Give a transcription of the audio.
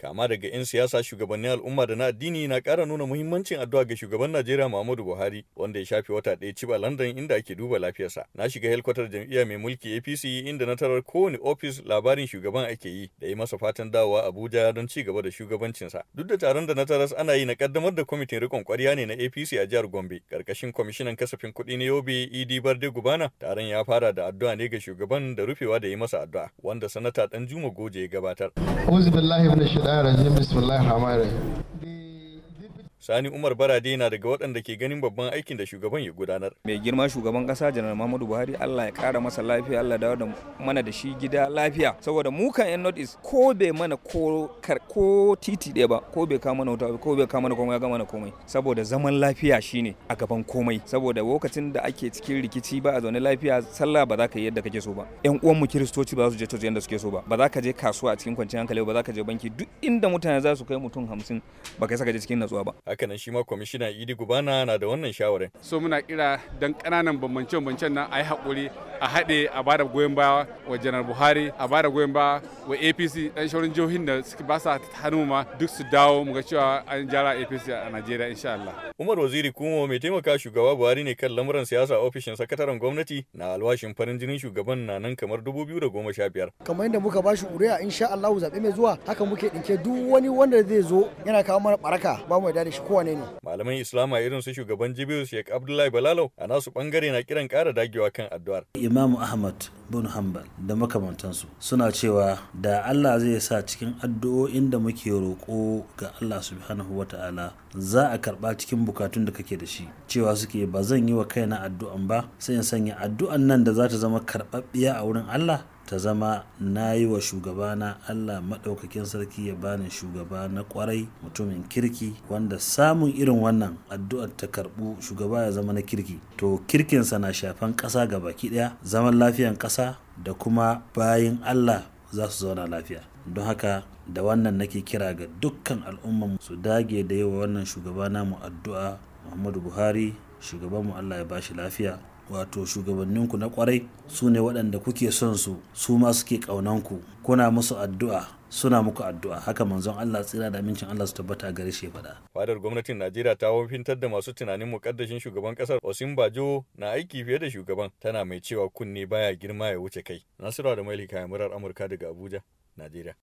kama daga 'yan siyasa shugabannin al'umma da na addini na ƙara nuna muhimmancin addu'a ga shugaban Najeriya Muhammadu Buhari wanda ya shafe wata ɗaya ciba London inda ake duba lafiyarsa. Na shiga helkwatar jam'iyya mai mulki APC inda na tarar kowane ofis labarin shugaban ake yi da yi masa fatan dawowa Abuja don ci gaba da shugabancinsa. Duk da taron da na taras ana yi na kaddamar da kwamitin rikon kwarya ne na APC a jihar Gombe karkashin kwamishinan kasafin kuɗi na Yobe ED Barde Gubana taron ya fara da addu'a ne ga shugaban da rufewa da yi masa addu'a wanda sanata Danjuma Goje ya gabatar. الرحمن الرحيم بسم الله الرحمن الرحيم Sani Umar Barade na daga waɗanda ke ganin babban aikin da shugaban ya gudanar. Mai girma shugaban ƙasa Janar Muhammadu Buhari Allah ya ƙara masa lafiya Allah dawo da mana da shi gida lafiya saboda mu yan north ko bai mana ko ko titi ɗaya ba ko bai kama mana wuta ko bai kama mana komai ya gama mana komai saboda zaman lafiya shine a gaban komai saboda lokacin da ake cikin rikici ba a zaune lafiya sallah ba za ka yi yadda kake so ba yan uwan mu kiristoci ba za su je coci yadda suke so ba ba za ka je kasuwa a cikin kwanciyar hankali ba za ka je banki duk inda mutane za su kai mutum hamsin ba kai saka je cikin natsuwa ba hakanan shi ma kwamishina idi gubana na da wannan shawarin so muna kira dan kananan bambance-bambancen na a yi haƙuri a haɗe a bada goyon baya wa janar buhari a bada goyon baya wa apc dan shaurin jihohin da suke ba sa hannu ma duk su dawo mu ga cewa an jara apc a najeriya insha allah umar waziri kuma mai taimaka shugaba buhari ne kan lamuran siyasa ofishin sakataren gwamnati na alwashin farin jinin shugaban na nan kamar biyar. kamar yadda muka ba shi ƙuri'a insha allah zaɓe mai zuwa haka muke ɗinke duk wani wanda zai zo yana kawo mana baraka ba mu yarda da shi shi kowane ne. Islama irin su shugaban Jibiru Sheikh Abdullahi Balalau a nasu bangare na kiran kara dagewa kan addu'ar. Imam Ahmad bin Hanbal da makamantansu suna cewa da Allah zai sa cikin addu'o'in da muke roƙo ga Allah subhanahu wa ta'ala za a karɓa cikin bukatun da kake da shi cewa suke ba zan yi wa kaina addu'an ba sai in sanya addu'an nan da za ta zama karɓaɓɓiya a wurin Allah ta zama na yi wa shugabana Allah maɗaukakin sarki ya bani shugaba na kwarai mutumin kirki wanda samun irin wannan addu'ar ta karɓu shugaba ya zama na kirki to kirkinsa na shafan ƙasa ga baki ɗaya zaman lafiyan ƙasa da kuma bayin Allah za su zauna lafiya don haka da wannan nake kira ga dukkan mu su dage da yawa wannan shugaba namu addu'a muhammadu buhari shugabanmu allah ya bashi lafiya wato shugabanninku na kwarai su ne waɗanda kuke son su su ma suke ƙaunanku kuna musu addu'a suna muku addu'a haka manzon Allah tsira da amincin Allah su tabbata gare shi faɗa. Fadar gwamnatin Najeriya ta wafintar da masu tunanin mukaddashin shugaban ƙasar osim Bajo na aiki fiye da shugaban tana mai cewa kunne baya girma ya wuce kai. Nasiru da Mailika murar Amurka daga Abuja, Najeriya.